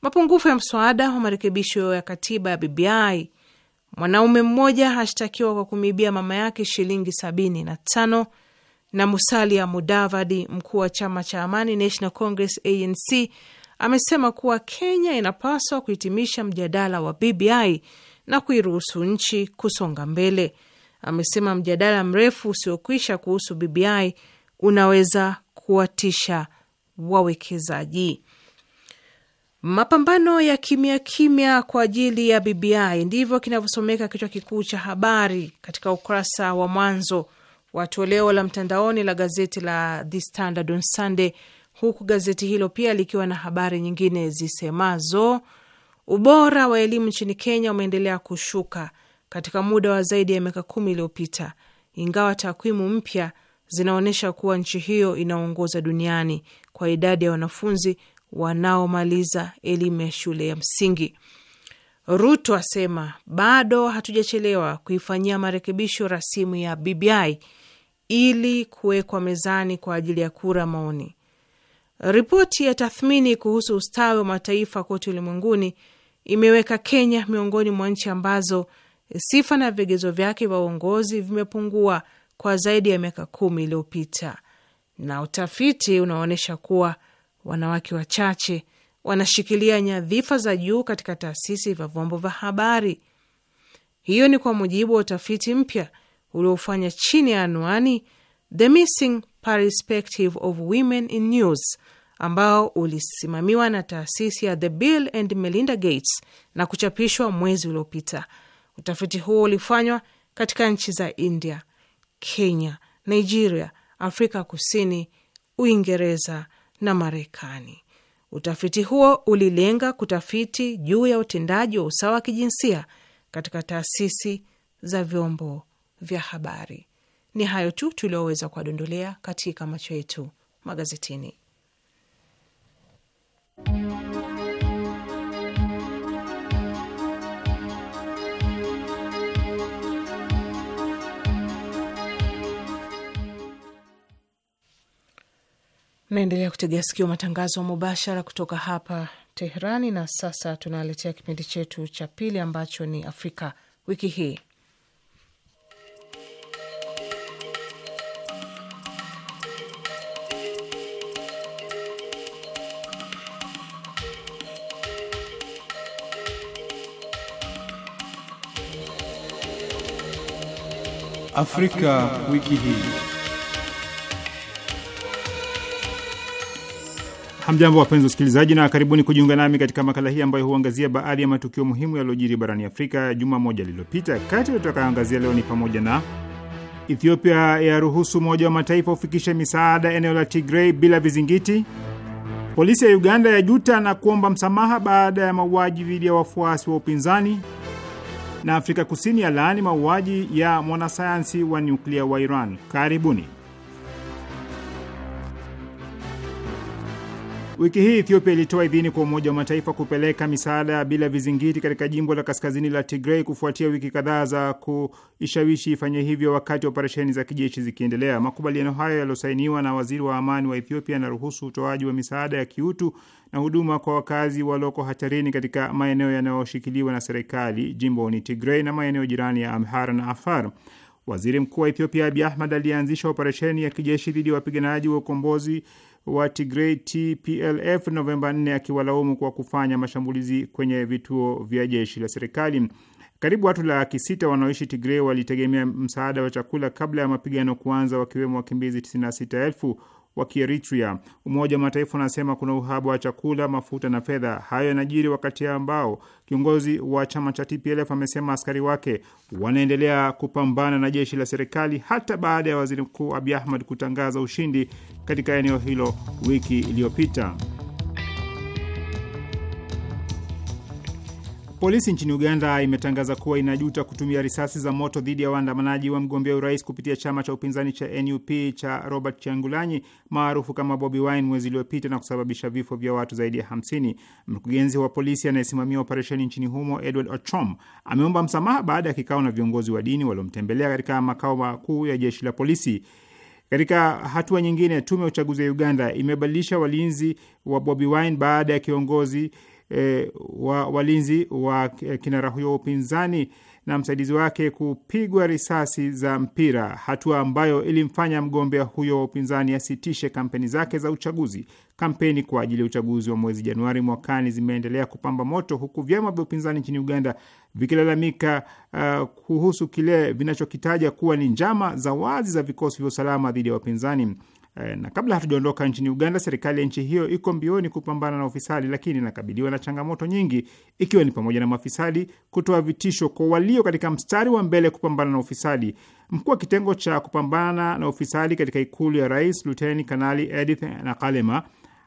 Mapungufu ya mswada wa marekebisho ya katiba ya BBI Mwanaume mmoja ashtakiwa kwa kumibia mama yake shilingi sabini na tano. Na Musalia Mudavadi, mkuu wa chama cha Amani National Congress ANC, amesema kuwa Kenya inapaswa kuhitimisha mjadala wa BBI na kuiruhusu nchi kusonga mbele. Amesema mjadala mrefu usiokwisha kuhusu BBI unaweza kuwatisha wawekezaji. Mapambano ya kimya kimya kwa ajili ya BBI, ndivyo kinavyosomeka kichwa kikuu cha habari katika ukurasa wa mwanzo wa toleo la mtandaoni la gazeti la The Standard on Sunday, huku gazeti hilo pia likiwa na habari nyingine zisemazo ubora wa elimu nchini Kenya umeendelea kushuka katika muda wa zaidi ya miaka kumi iliyopita, ingawa takwimu mpya zinaonyesha kuwa nchi hiyo inaongoza duniani kwa idadi ya wanafunzi wanaomaliza elimu ya shule ya msingi. Ruto asema bado hatujachelewa kuifanyia marekebisho rasimu ya BBI ili kuwekwa mezani kwa ajili ya kura maoni. Ripoti ya tathmini kuhusu ustawi wa mataifa kote ulimwenguni imeweka Kenya miongoni mwa nchi ambazo sifa na vigezo vyake vya uongozi vimepungua kwa zaidi ya miaka kumi iliyopita, na utafiti unaonyesha kuwa wanawake wachache wanashikilia nyadhifa za juu katika taasisi vya vyombo vya habari. Hiyo ni kwa mujibu wa utafiti mpya uliofanya chini ya anwani The Missing Perspective of Women in News ambao ulisimamiwa na taasisi ya The Bill and Melinda Gates na kuchapishwa mwezi uliopita. Utafiti huo ulifanywa katika nchi za India, Kenya, Nigeria, Afrika Kusini, Uingereza, na Marekani. Utafiti huo ulilenga kutafiti juu ya utendaji wa usawa wa kijinsia katika taasisi za vyombo vya habari. Ni hayo tu tulioweza kuwadondolea katika macho yetu magazetini. Naendelea kutegea sikio matangazo mubashara kutoka hapa Teherani. Na sasa tunaletea kipindi chetu cha pili ambacho ni Afrika wiki hii. Afrika, Afrika wiki hii. Hamjambo, wapenzi wasikilizaji, na karibuni kujiunga nami katika makala hii ambayo huangazia baadhi ya matukio muhimu yaliyojiri barani Afrika juma moja lililopita. Kati tutakayoangazia leo ni pamoja na Ethiopia yaruhusu Umoja wa Mataifa ufikishe misaada eneo la Tigrei bila vizingiti, polisi ya Uganda yajuta na kuomba msamaha baada ya mauaji dhidi ya wafuasi wa upinzani, na Afrika Kusini ya laani mauaji ya mwanasayansi wa nyuklia wa Iran. Karibuni. Wiki hii Ethiopia ilitoa idhini kwa Umoja wa Mataifa kupeleka misaada bila vizingiti katika jimbo la kaskazini la Tigrei kufuatia wiki kadhaa za kuishawishi ifanye hivyo wakati operesheni za kijeshi zikiendelea. Makubaliano hayo yaliyosainiwa na waziri wa amani wa Ethiopia yanaruhusu utoaji wa misaada ya kiutu na huduma kwa wakazi walioko hatarini katika maeneo yanayoshikiliwa na serikali jimboni Tigrei na maeneo jirani ya Amhara na Afar. Waziri Mkuu wa Ethiopia Abiy Ahmed alianzisha operesheni ya kijeshi dhidi ya wapiganaji wa ukombozi wa Tigray TPLF Novemba 4 akiwalaumu kwa kufanya mashambulizi kwenye vituo vya jeshi la serikali. Karibu watu laki sita wanaoishi Tigray walitegemea msaada wa chakula kabla ya mapigano kuanza, wakiwemo wakimbizi 96,000 wa Kieritria. Umoja wa Mataifa unasema kuna uhaba wa chakula, mafuta na fedha. Hayo yanajiri wakati ambao kiongozi wa chama cha TPLF amesema askari wake wanaendelea kupambana na jeshi la serikali hata baada ya waziri mkuu Abiy Ahmed kutangaza ushindi katika eneo hilo wiki iliyopita. Polisi nchini Uganda imetangaza kuwa inajuta kutumia risasi za moto dhidi ya waandamanaji wa mgombea urais kupitia chama cha upinzani cha NUP cha Robert Changulanyi maarufu kama Bobi Wine mwezi uliopita na kusababisha vifo vya watu zaidi ya 50. Mkurugenzi wa polisi anayesimamia operesheni nchini humo Edward Ochom ameomba msamaha baada ya kikao na viongozi wa dini waliomtembelea katika makao makuu ya jeshi la polisi. Katika hatua nyingine, tume ya uchaguzi ya Uganda imebadilisha walinzi wa Bobi Wine baada ya kiongozi e, wa walinzi wa kinara huyo wa upinzani na msaidizi wake kupigwa risasi za mpira, hatua ambayo ilimfanya mgombea huyo wa upinzani asitishe kampeni zake za uchaguzi. Kampeni kwa ajili ya uchaguzi wa mwezi Januari mwakani zimeendelea kupamba moto, huku vyama vya upinzani nchini Uganda vikilalamika uh, kuhusu kile vinachokitaja kuwa ni njama za wazi za vikosi vya usalama dhidi ya wapinzani. Eh, na kabla hatujaondoka nchini Uganda, serikali ya nchi hiyo iko mbioni kupambana na ufisadi, lakini inakabiliwa na changamoto nyingi, ikiwa ni pamoja na mafisadi kutoa vitisho kwa walio katika mstari wa mbele kupambana na ufisadi. Mkuu wa kitengo cha kupambana na ufisadi katika ikulu ya rais, luteni kanali Edith Nakalema,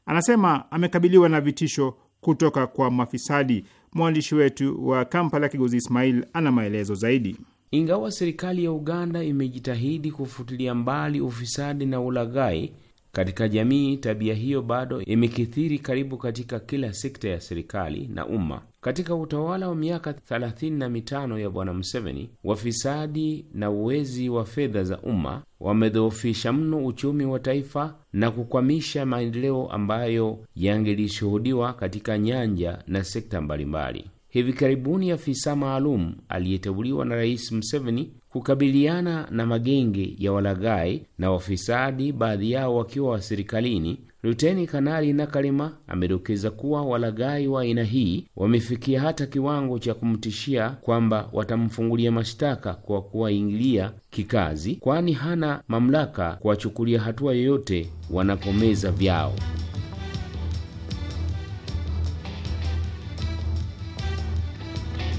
anasema amekabiliwa na vitisho kutoka kwa mafisadi. Mwandishi wetu wa Kampala, Kigozi Ismail, ana maelezo zaidi. Ingawa serikali ya Uganda imejitahidi kufutilia mbali ufisadi na ulaghai katika jamii, tabia hiyo bado imekithiri karibu katika kila sekta ya serikali na umma. Katika utawala wa miaka 35 ya Bwana Museveni, wafisadi na uwezi wa fedha za umma wamedhoofisha mno uchumi wa taifa na kukwamisha maendeleo ambayo yangelishuhudiwa katika nyanja na sekta mbalimbali. Hivi karibuni afisa maalum aliyeteuliwa na Rais Museveni kukabiliana na magenge ya walaghai na wafisadi, baadhi yao wakiwa wa serikalini, Luteni Kanali Nakalima amedokeza kuwa walaghai wa aina hii wamefikia hata kiwango cha kumtishia kwamba watamfungulia mashtaka kwa kuwaingilia kikazi, kwani hana mamlaka kuwachukulia hatua yoyote wanapomeza vyao.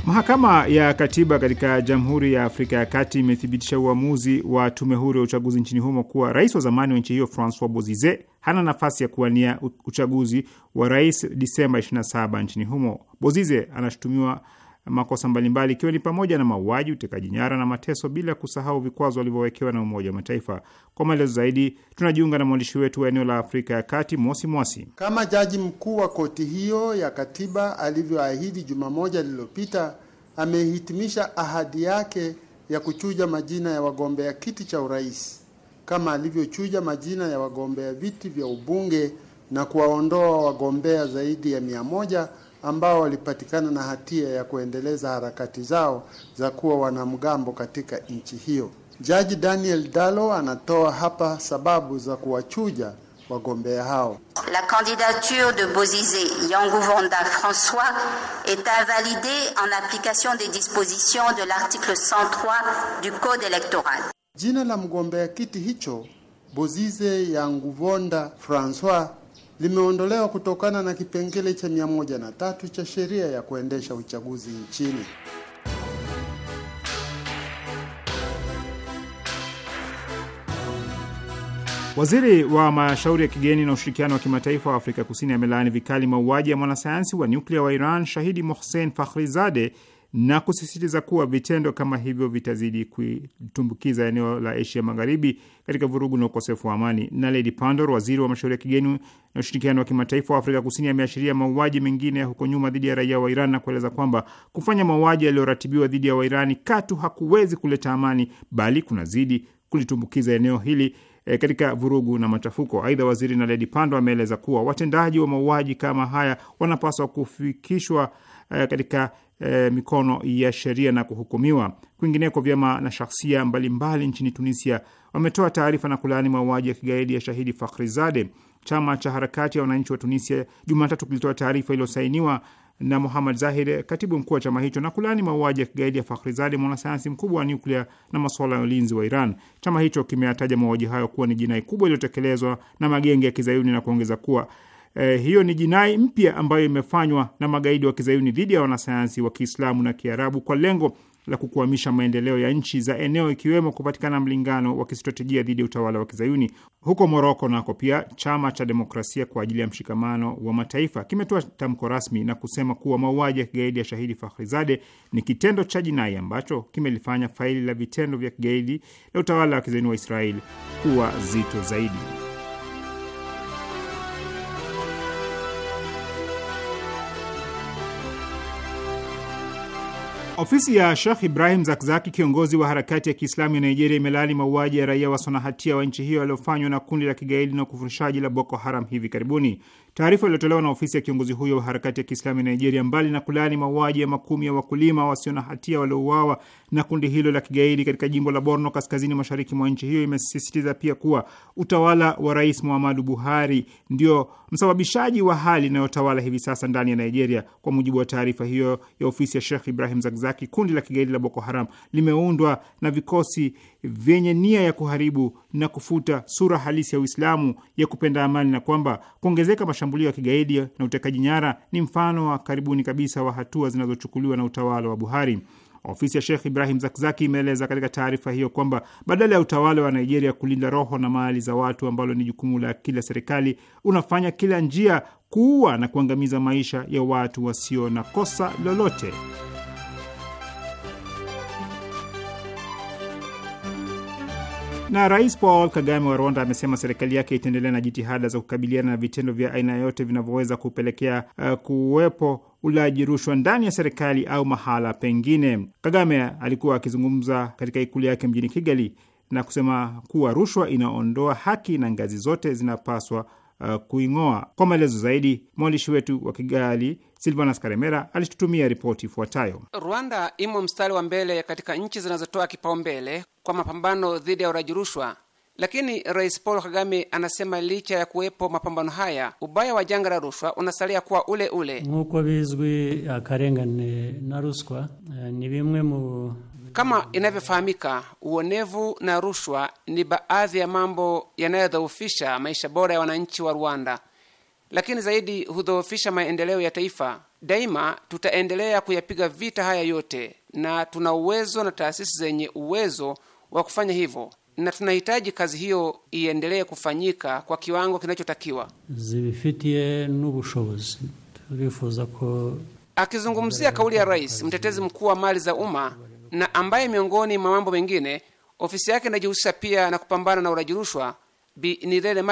Mahakama ya Katiba katika Jamhuri ya Afrika ya Kati imethibitisha uamuzi wa tume huru ya uchaguzi nchini humo kuwa rais wa zamani wa nchi hiyo Francois Bozize hana nafasi ya kuwania uchaguzi wa rais Disemba 27 nchini humo. Bozize anashutumiwa makosa mbalimbali ikiwa ni pamoja na mauaji, utekaji nyara na mateso, bila kusahau vikwazo walivyowekewa na Umoja wa Mataifa. Kwa maelezo zaidi, tunajiunga na mwandishi wetu wa eneo la Afrika ya Kati, Mosi Mwasi. Kama jaji mkuu wa koti hiyo ya katiba alivyoahidi juma moja lililopita, amehitimisha ahadi yake ya kuchuja majina ya wagombea kiti cha urais kama alivyochuja majina ya wagombea viti vya ubunge na kuwaondoa wagombea zaidi ya mia moja ambao walipatikana na hatia ya kuendeleza harakati zao za kuwa wanamgambo katika nchi hiyo. Jaji Daniel Dalo anatoa hapa sababu za kuwachuja wagombea hao. La candidature de Bozizé yanguvonda François est invalidée en application des dispositions de l'article 103 du code électoral. Jina la mgombea kiti hicho Bozize Yanguvonda François limeondolewa kutokana na kipengele cha tatu cha sheria ya kuendesha uchaguzi nchini. Waziri wa mashauri ya kigeni na ushirikiano wa kimataifa wa Afrika Kusini amelaani vikali mauaji ya mwanasayansi wa nyuklia wa Iran shahidi Mohsen Fakhrizadeh na kusisitiza kuwa vitendo kama hivyo vitazidi kuitumbukiza eneo la Asia Magharibi katika vurugu na ukosefu wa amani. Na Lady Pandor, waziri wa mashauri ya kigeni na ushirikiano wa kimataifa wa Afrika Kusini, ameashiria mauaji mengine ya huko nyuma dhidi ya raia wa Iran na kueleza kwamba kufanya mauaji yaliyoratibiwa dhidi ya Wairani katu hakuwezi kuleta amani, bali kunazidi kulitumbukiza eneo hili E, katika vurugu na machafuko. Aidha, waziri na Pandor ameeleza kuwa watendaji wa mauaji kama haya wanapaswa kufikishwa Eh, katika e, mikono ya sheria na kuhukumiwa. Kwingineko, vyama na shahsia mbalimbali nchini Tunisia wametoa taarifa na kulaani mauaji ya kigaidi ya shahidi Fakhrizade. Chama cha harakati ya wananchi wa Tunisia Jumatatu kilitoa taarifa iliyosainiwa na Muhamad Zahir, katibu mkuu wa chama hicho, na kulaani mauaji ya kigaidi ya Fakhrizade, mwanasayansi mkubwa wa nyuklia na masuala ya ulinzi wa Iran. Chama hicho kimeyataja mauaji hayo kuwa ni jinai kubwa iliyotekelezwa na magenge ya kizayuni na kuongeza kuwa eh, hiyo ni jinai mpya ambayo imefanywa na magaidi wa kizayuni dhidi ya wanasayansi wa Kiislamu na Kiarabu kwa lengo la kukwamisha maendeleo ya nchi za eneo ikiwemo kupatikana mlingano wa kistratejia dhidi ya utawala wa kizayuni. Huko Moroko nako pia chama cha demokrasia kwa ajili ya mshikamano wa mataifa kimetoa tamko rasmi na kusema kuwa mauaji ya kigaidi ya shahidi Fakhrizade ni kitendo cha jinai ambacho kimelifanya faili la vitendo vya kigaidi la utawala wa kizayuni wa Israeli kuwa zito zaidi. Ofisi ya Shekh Ibrahim Zakzaki, kiongozi wa harakati ya Kiislamu ya Nigeria, imelaani mauaji ya raia wasonahatia wa nchi hiyo yaliyofanywa na kundi la kigaidi na no ukufurushaji la Boko Haram hivi karibuni. Taarifa iliyotolewa na ofisi ya kiongozi huyo wa harakati ya Kiislamu ya Nigeria, mbali na kulaani mauaji ya makumi ya wakulima wasio na hatia waliouawa na kundi hilo la kigaidi katika jimbo la Borno kaskazini mashariki mwa nchi hiyo, imesisitiza pia kuwa utawala wa Rais Muhammadu Buhari ndio msababishaji wa hali inayotawala hivi sasa ndani ya Nigeria. Kwa mujibu wa taarifa hiyo ya ofisi ya Sheikh Ibrahim Zakzaki, kundi la kigaidi la Boko Haram limeundwa na vikosi vyenye nia ya kuharibu na kufuta sura halisi ya Uislamu ya kupenda amani, na kwamba kuongezeka mashambulio ya kigaidi na utekaji nyara ni mfano wa karibuni kabisa wa hatua zinazochukuliwa na utawala wa Buhari. Ofisi ya Sheikh Ibrahim Zakzaki imeeleza katika taarifa hiyo kwamba badala ya utawala wa Nigeria kulinda roho na mali za watu, ambalo ni jukumu la kila serikali, unafanya kila njia kuua na kuangamiza maisha ya watu wasio na kosa lolote. Na Rais Paul Kagame wa Rwanda amesema serikali yake itaendelea na jitihada za kukabiliana na vitendo vya aina yote vinavyoweza kupelekea uh, kuwepo ulaji rushwa ndani ya serikali au mahala pengine. Kagame alikuwa akizungumza katika ikulu yake mjini Kigali na kusema kuwa rushwa inaondoa haki na ngazi zote zinapaswa uh, kuing'oa. Kwa maelezo zaidi, mwandishi wetu wa Kigali Silvanas Karemera alitutumia ripoti ifuatayo. Rwanda imo mstari wa mbele katika nchi zinazotoa kipaumbele kwa mapambano dhidi ya uraji rushwa, lakini Rais Paul Kagame anasema licha ya kuwepo mapambano haya, ubaya wa janga la rushwa unasalia kuwa ule ule. nkuko bizwi akarengane na ruswa eh, ni bimwe mu kama inavyofahamika, uonevu na rushwa ni baadhi ya mambo yanayodhoofisha maisha bora ya wananchi wa Rwanda lakini zaidi hudhoofisha maendeleo ya taifa. Daima tutaendelea kuyapiga vita haya yote, na tuna uwezo na taasisi zenye uwezo wa kufanya hivyo, na tunahitaji kazi hiyo iendelee kufanyika kwa kiwango kinachotakiwa. Akizungumzia kauli ya rais, mtetezi mkuu wa mali za umma na ambaye miongoni mwa mambo mengine ofisi yake inajihusisha pia na kupambana na ulaji rushwa, Bi Nirere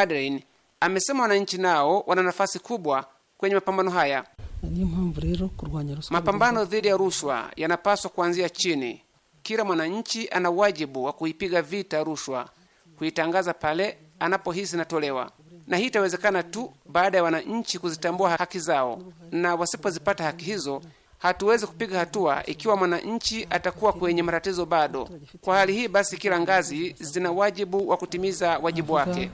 amesema wananchi nao wana nafasi kubwa kwenye mapambano haya. Mapambano dhidi ya rushwa yanapaswa kuanzia chini. Kila mwananchi ana wajibu wa kuipiga vita rushwa, kuitangaza pale anapohisi inatolewa, na hii itawezekana tu baada ya wananchi kuzitambua haki zao, na wasipozipata haki hizo hatuwezi kupiga hatua ikiwa mwananchi atakuwa kwenye matatizo bado. Kwa hali hii basi, kila ngazi zina wajibu wa kutimiza wajibu wake.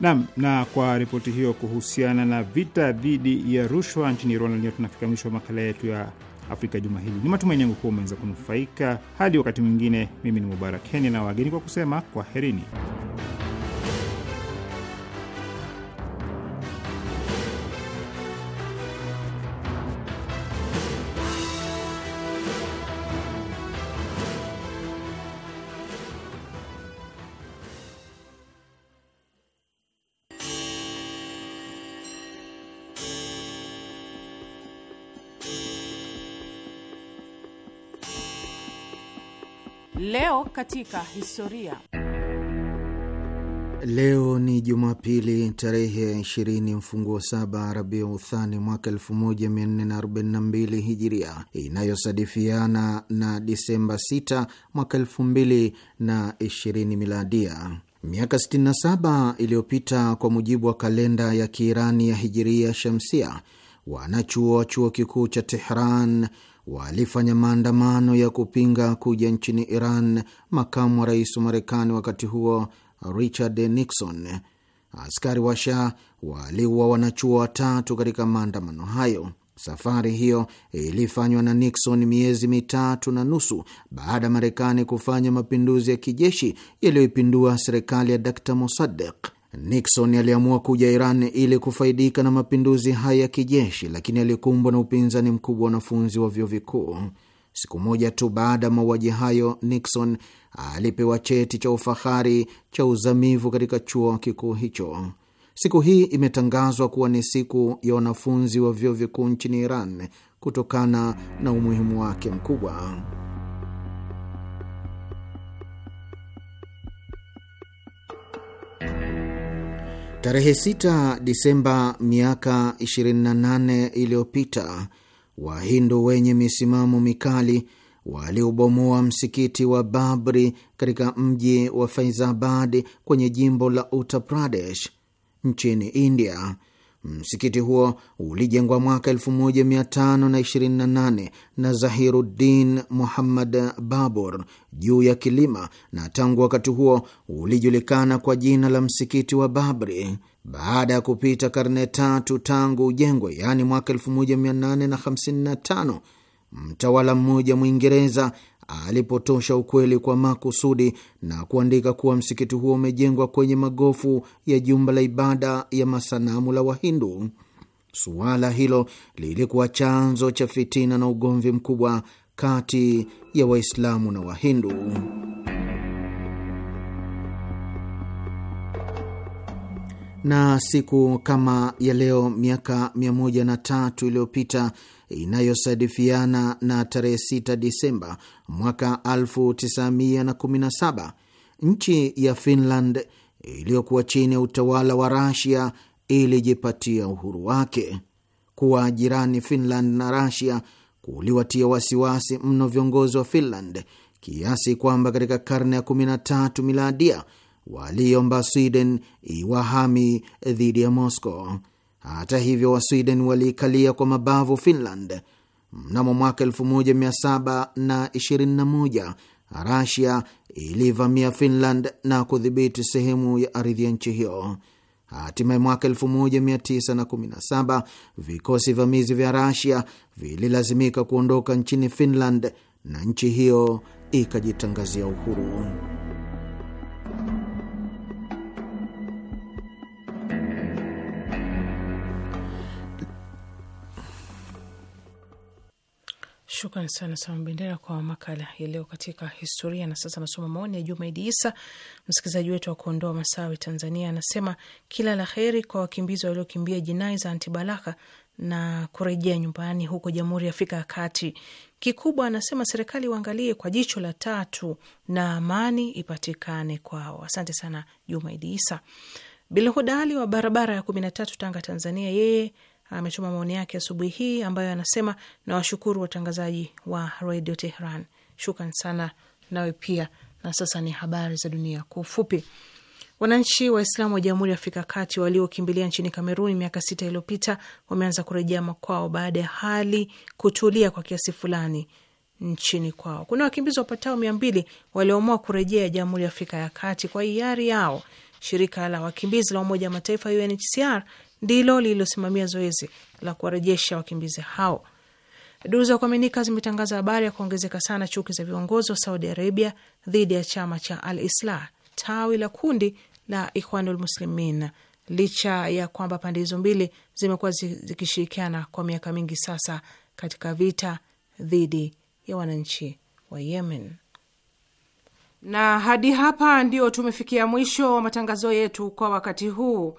Nam, na kwa ripoti hiyo kuhusiana na vita dhidi ya rushwa nchini Rwanda, ndio tunafika mwisho wa makala yetu ya Afrika juma hili. Ni matumaini yangu kuwa umeweza kunufaika. Hadi wakati mwingine, mimi ni Mubarak Kenya na wageni kwa kusema kwaherini. Leo katika historia. Leo ni Jumapili tarehe 20 ishirini mfunguo saba Rabiu Uthani mwaka 1442 Hijiria, inayosadifiana na Disemba 6 mwaka 2020 Miladia. Miaka 67 iliyopita kwa mujibu wa kalenda ya Kiirani ya Hijiria Shamsia, wanachuo wa chuo kikuu cha Tehran walifanya maandamano ya kupinga kuja nchini Iran makamu wa rais wa Marekani wakati huo Richard Nixon. Askari wa Shah waliua wanachuo watatu katika maandamano hayo. Safari hiyo ilifanywa na Nixon miezi mitatu na nusu baada ya Marekani kufanya mapinduzi ya kijeshi yaliyoipindua serikali ya Dr Mossadegh. Nixon aliamua kuja Iran ili kufaidika na mapinduzi haya ya kijeshi, lakini alikumbwa na upinzani mkubwa wa wanafunzi wa vyuo vikuu. Siku moja tu baada ya mauaji hayo, Nixon alipewa cheti cha ufahari cha uzamivu katika chuo kikuu hicho. Siku hii imetangazwa kuwa ni siku ya wanafunzi wa vyuo vikuu nchini Iran kutokana na umuhimu wake mkubwa. Tarehe 6 Disemba miaka 28 iliyopita, Wahindu wenye misimamo mikali waliubomoa msikiti wa Babri katika mji wa Faizabad kwenye jimbo la Uttar Pradesh nchini India Msikiti huo ulijengwa mwaka 1528 na Zahiruddin Muhammad Babur juu ya kilima, na tangu wakati huo ulijulikana kwa jina la msikiti wa Babri. Baada ya kupita karne tatu tangu ujengwe, yaani mwaka 1855, mtawala mmoja Mwingereza alipotosha ukweli kwa makusudi na kuandika kuwa msikiti huo umejengwa kwenye magofu ya jumba la ibada ya masanamu la Wahindu. Suala hilo lilikuwa chanzo cha fitina na ugomvi mkubwa kati ya Waislamu na Wahindu. na siku kama ya leo miaka 103 iliyopita inayosadifiana na tarehe 6 Disemba mwaka 1917 nchi ya Finland iliyokuwa chini ya utawala wa Rasia ilijipatia uhuru wake. Kuwa jirani Finland na Rasia kuliwatia wasiwasi mno viongozi wa Finland kiasi kwamba katika karne ya 13 miladia waliomba Sweden iwahami dhidi ya Moscow. Hata hivyo, Wasweden waliikalia kwa mabavu Finland. Mnamo mwaka 1721 Rasia ilivamia Finland na kudhibiti sehemu ya ardhi ya nchi hiyo. Hatimaye mwaka 1917 vikosi vamizi vya Rasia vililazimika kuondoka nchini Finland na nchi hiyo ikajitangazia uhuru. Shukran sana Sama Bendera kwa makala ya leo katika historia. Na sasa nasoma maoni ya Juma Idi Isa, msikilizaji wetu wa Kuondoa Masawi, Tanzania. Anasema kila la heri kwa wakimbizi waliokimbia jinai za Antibalaka na kurejea nyumbani huko Jamhuri ya Afrika ya Kati. Kikubwa anasema serikali uangalie kwa jicho la tatu na amani ipatikane kwao. Asante sana Juma Idi Isa. Bilhudali wa barabara ya kumi na tatu, Tanga, Tanzania, yeye ametuma maoni yake asubuhi hii ambayo anasema, nawashukuru watangazaji wa Radio Tehran, shukran sana nawe pia. Na sasa ni habari za dunia kwa ufupi. Wananchi Waislamu wa Jamhuri ya Afrika Kati waliokimbilia nchini Kameruni miaka sita iliyopita wameanza kurejea makwao baada ya hali kutulia kwa kiasi fulani nchini kwao. Kuna wakimbizi wapatao mia mbili walioamua kurejea Jamhuri ya Afrika ya Kati kwa hiari yao. Shirika la wakimbizi la Umoja wa Mataifa UNHCR ndilo lililosimamia zoezi la kuwarejesha wakimbizi hao. Duru za kuaminika zimetangaza habari ya kuongezeka sana chuki za viongozi wa Saudi Arabia dhidi ya chama cha Al Islah, tawi la kundi la Ikhwanul Muslimin, licha ya kwamba pande hizo mbili zimekuwa zikishirikiana kwa miaka mingi sasa katika vita dhidi ya wananchi wa Yemen. Na hadi hapa ndio tumefikia mwisho wa matangazo yetu kwa wakati huu.